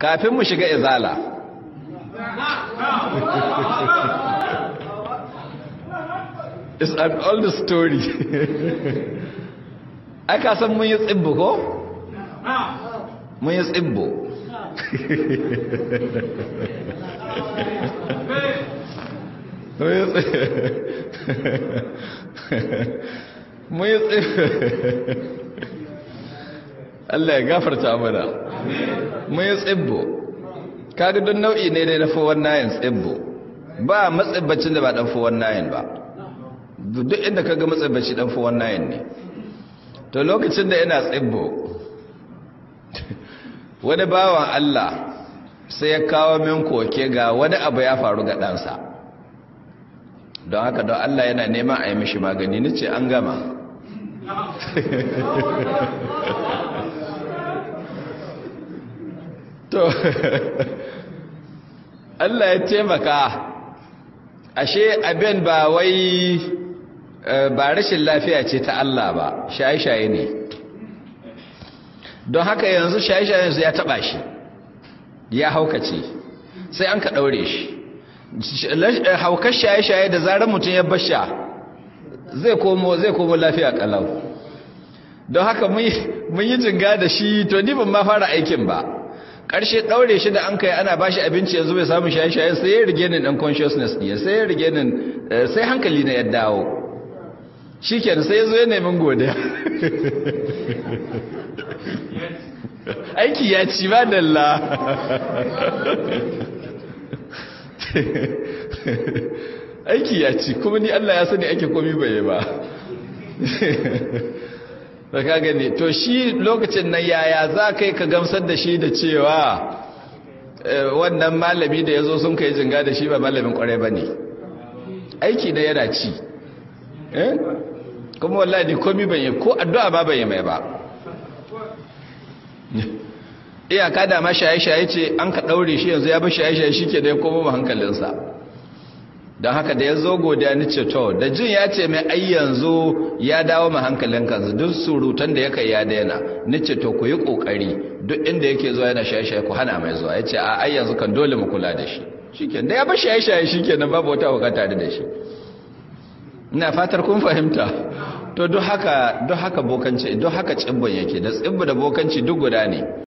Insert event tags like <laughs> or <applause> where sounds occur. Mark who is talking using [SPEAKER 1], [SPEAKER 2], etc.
[SPEAKER 1] kafin mu shiga izala it's an old story aka san mun yi tsibbo ko? mun yi tsibbo mun yi tsibbo Allah ya gafarta mana mun yi tsibbo kaga don nau'i ne dai na nayin tsibbo ba matsibbacin da ba dan nayin ba duk inda kaga matsibbaci dan nayin ne to lokacin da ina tsibbo <laughs> wani bawan Allah sai ya kawo min koke ga wani abu ya faru ga ɗansa don haka don Allah yana neman a yi mishi magani ni ce an gama <laughs> to <laughs> Allah ya taimaka ashe abin ba wai eh, ba rashin lafiya ce ta Allah ba shaye-shaye ne don haka yanzu shaye shaye yanzu ya taba shi ya haukace sai an ka daure shi haukar shaye-shaye da zarar mutum ya basha zai komo zai komo lafiya kalau don haka mun yi jinga da shi to ni ban ma fara aikin ba karshe daure shi da an kai ana shi abinci yanzu bai samu shaye-shaye sai ya rige ni dan consciousness ne sai ya rige ni eh, sai hankali na ya dawo shikenan sai zo ya nemi gode? <laughs> aiki ya ci ba dalla <laughs> aiki ya ci kuma ni Allah ya sani ake komi bai ba <laughs> da ka gani to shi lokacin na yaya za ka yi ka gamsar da shi da cewa eh, wannan malami da ya zo sun yi jinga da shi ba malamin kwarai ba ne aiki na yana ci eh? kuma wallahi ne komi ban yi ko addu'a ba ban yi mai ba iyaka da ma shaye-shaye ce an ka ɗaure shi yanzu ya bi shaye-shaye shi ke da ya koma hankalinsa don haka da ya zo godiya ni ce to da jin ya ce mai ai yanzu ya dawo ma hankalin kansu duk surutan da ya kai ya daina ni ce to ku yi kokari duk inda yake zuwa yana shaye-shaye ku hana mai zuwa ya ce a ai yanzu kan dole mu kula da shi shikenan da ya ba shaye-shaye shikenan babu wata bukata tare da shi ina fatar kun fahimta to duk haka duk haka bokanci duk haka tsibbon yake da tsibbu da bokanci duk guda ne